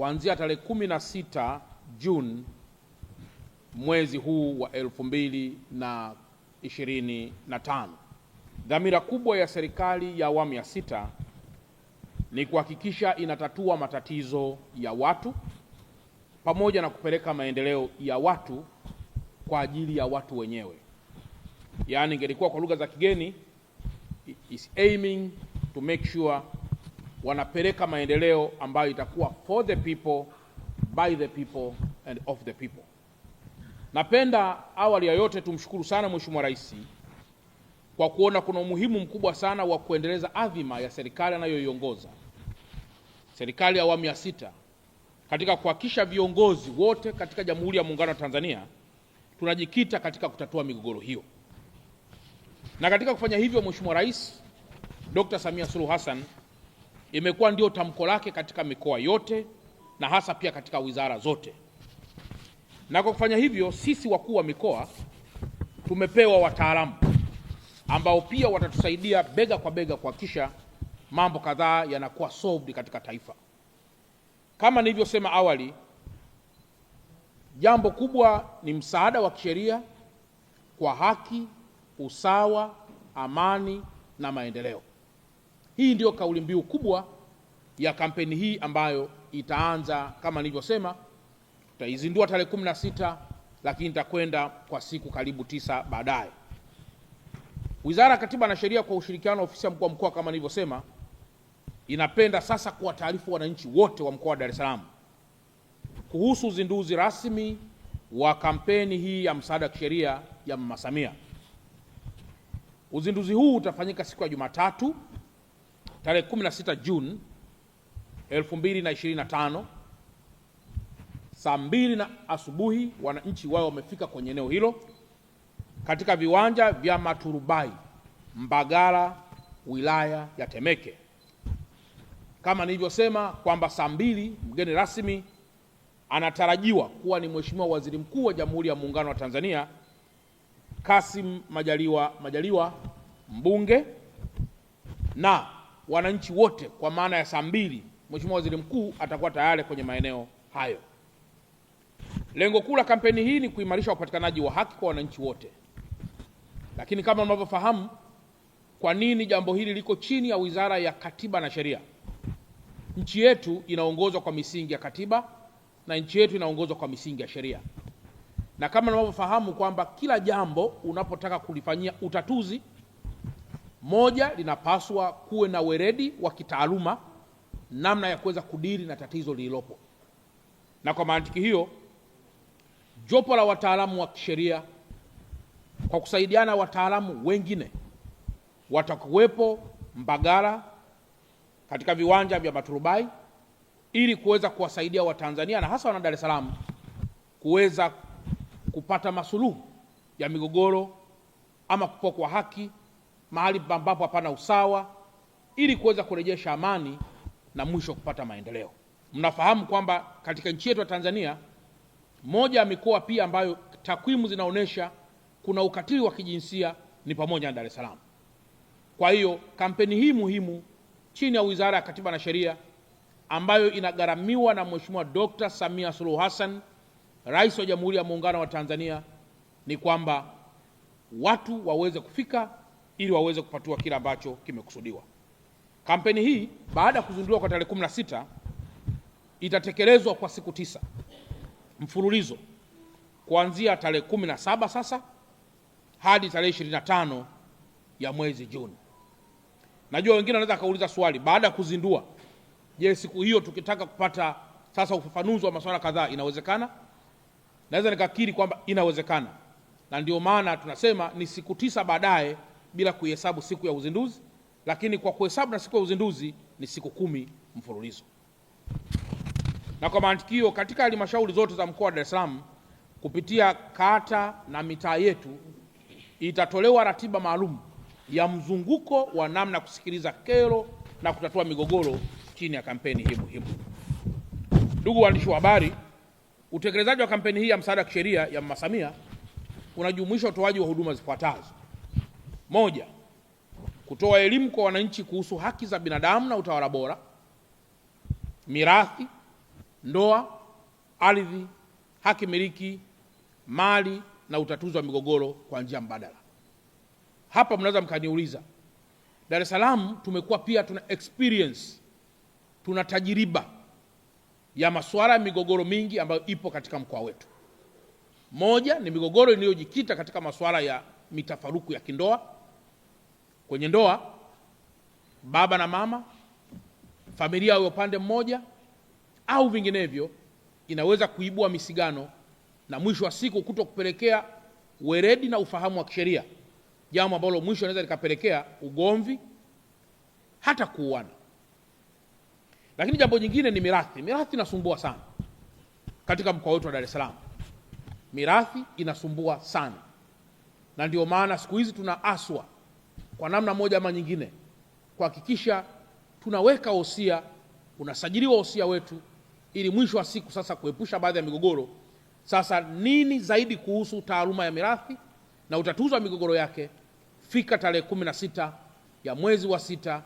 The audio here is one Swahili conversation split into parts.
kuanzia tarehe sita Juni mwezi huu wa elfu mbili na ishirini na tano. Dhamira kubwa ya serikali ya awamu ya sita ni kuhakikisha inatatua matatizo ya watu pamoja na kupeleka maendeleo ya watu kwa ajili ya watu wenyewe, yaani ingelikuwa kwa lugha za kigeni is aiming to make sure wanapeleka maendeleo ambayo itakuwa for the people, by the people and of the people. Napenda awali ya yote tumshukuru sana Mheshimiwa Rais kwa kuona kuna umuhimu mkubwa sana wa kuendeleza adhima ya serikali anayoiongoza serikali ya awamu ya sita katika kuhakikisha viongozi wote katika Jamhuri ya Muungano wa Tanzania tunajikita katika kutatua migogoro hiyo, na katika kufanya hivyo Mheshimiwa Rais Dr. Samia Suluhu Hassan imekuwa ndio tamko lake katika mikoa yote na hasa pia katika wizara zote. Na kwa kufanya hivyo, sisi wakuu wa mikoa tumepewa wataalamu ambao pia watatusaidia bega kwa bega kuhakikisha mambo kadhaa yanakuwa solved katika taifa. Kama nilivyosema awali, jambo kubwa ni msaada wa kisheria kwa haki, usawa, amani na maendeleo. Hii ndio kauli mbiu kubwa ya kampeni hii ambayo itaanza kama nilivyosema, tutaizindua tarehe sita lakini itakwenda kwa siku karibu tisa baadaye. Wizara ya Katiba na Sheria kwa ushirikiano na ofisi ya mkuu wa mkoa kama nilivyosema, inapenda sasa kuwataarifu wananchi wote wa mkoa wa Dar es Salaam kuhusu uzinduzi rasmi wa kampeni hii ya msaada wa kisheria ya Mama Samia. Uzinduzi huu utafanyika siku ya Jumatatu tarehe 16 Juni 2025 saa mbili na asubuhi, wananchi wao wamefika kwenye eneo hilo katika viwanja vya Maturubai Mbagala, wilaya ya Temeke, kama nilivyosema kwamba saa mbili mgeni rasmi anatarajiwa kuwa ni Mheshimiwa Waziri Mkuu wa Jamhuri ya Muungano wa Tanzania Kassim Majaliwa Majaliwa, mbunge na wananchi wote kwa maana ya saa mbili Mheshimiwa Waziri Mkuu atakuwa tayari kwenye maeneo hayo. Lengo kuu la kampeni hii ni kuimarisha upatikanaji wa haki kwa wananchi wote, lakini kama mnavyofahamu, kwa nini jambo hili liko chini ya Wizara ya Katiba na Sheria? Nchi yetu inaongozwa kwa misingi ya katiba na nchi yetu inaongozwa kwa misingi ya sheria, na kama mnavyofahamu kwamba kila jambo unapotaka kulifanyia utatuzi moja, linapaswa kuwe na weredi wa kitaaluma namna ya kuweza kudiri na tatizo lililopo, na kwa mantiki hiyo jopo la wataalamu wa kisheria kwa kusaidiana wataalamu wengine watakuwepo Mbagala katika viwanja vya Maturubai ili kuweza kuwasaidia Watanzania na hasa wana Dar es Salaam kuweza kupata masuluhu ya migogoro ama kupokwa haki mahali ambapo hapana usawa, ili kuweza kurejesha amani na mwisho kupata maendeleo. Mnafahamu kwamba katika nchi yetu ya Tanzania, moja ya mikoa pia ambayo takwimu zinaonyesha kuna ukatili wa kijinsia ni pamoja na Dar es Salaam. Kwa hiyo kampeni hii muhimu chini ya Wizara ya Katiba na Sheria ambayo inagharamiwa na Mheshimiwa Dr. Samia Suluhu Hassan, Rais wa Jamhuri ya Muungano wa Tanzania, ni kwamba watu waweze kufika ili waweze kupatiwa kile ambacho kimekusudiwa. Kampeni hii baada ya kuzinduliwa kwa tarehe sita itatekelezwa kwa siku tisa mfululizo kuanzia tarehe saba sasa hadi tarehe tano ya mwezi Juni. Najua wengine wanaweza akauliza swali baada ya kuzindua, je, siku hiyo tukitaka kupata sasa ufafanuzi wa masuala kadhaa inawezekana? Naweza nikakiri kwamba inawezekana, na ndio maana tunasema ni siku tisa baadaye bila kuihesabu siku ya uzinduzi, lakini kwa kuhesabu na siku ya uzinduzi ni siku kumi mfululizo. Na kwa mantiki, katika halmashauri zote za mkoa wa Dar es Salaam kupitia kata na mitaa yetu itatolewa ratiba maalum ya mzunguko wa namna ya kusikiliza kero na kutatua migogoro chini ya kampeni hii muhimu. Ndugu waandishi wa habari, utekelezaji wa kampeni hii ya msaada wa kisheria ya Mama Samia unajumuisha utoaji wa huduma zifuatazo: moja, kutoa elimu kwa wananchi kuhusu haki za binadamu na utawala bora, mirathi, ndoa, ardhi, haki miliki, mali na utatuzi wa migogoro kwa njia mbadala. Hapa mnaweza mkaniuliza, Dar es Salaam tumekuwa pia tuna experience, tuna tajiriba ya masuala ya migogoro mingi ambayo ipo katika mkoa wetu. Moja ni migogoro inayojikita katika masuala ya mitafaruku ya kindoa kwenye ndoa, baba na mama, familia ya upande mmoja au vinginevyo, inaweza kuibua misigano na mwisho wa siku kuto kupelekea weredi na ufahamu wa kisheria, jambo ambalo mwisho anaweza likapelekea ugomvi hata kuuana. Lakini jambo jingine ni mirathi. Mirathi inasumbua sana katika mkoa wetu wa Dar es Salaam, mirathi inasumbua sana, na ndio maana siku hizi tuna aswa kwa namna moja ama nyingine kuhakikisha tunaweka wosia, unasajiliwa wosia wetu, ili mwisho wa siku sasa kuepusha baadhi ya migogoro. Sasa nini zaidi kuhusu taaluma ya mirathi na utatuzi wa migogoro yake? Fika tarehe sita ya mwezi wa sita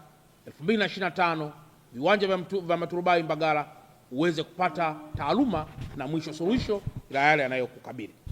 2025, viwanja vya Maturubai Mbagala, uweze kupata taaluma na mwisho suluhisho la yale yanayokukabili.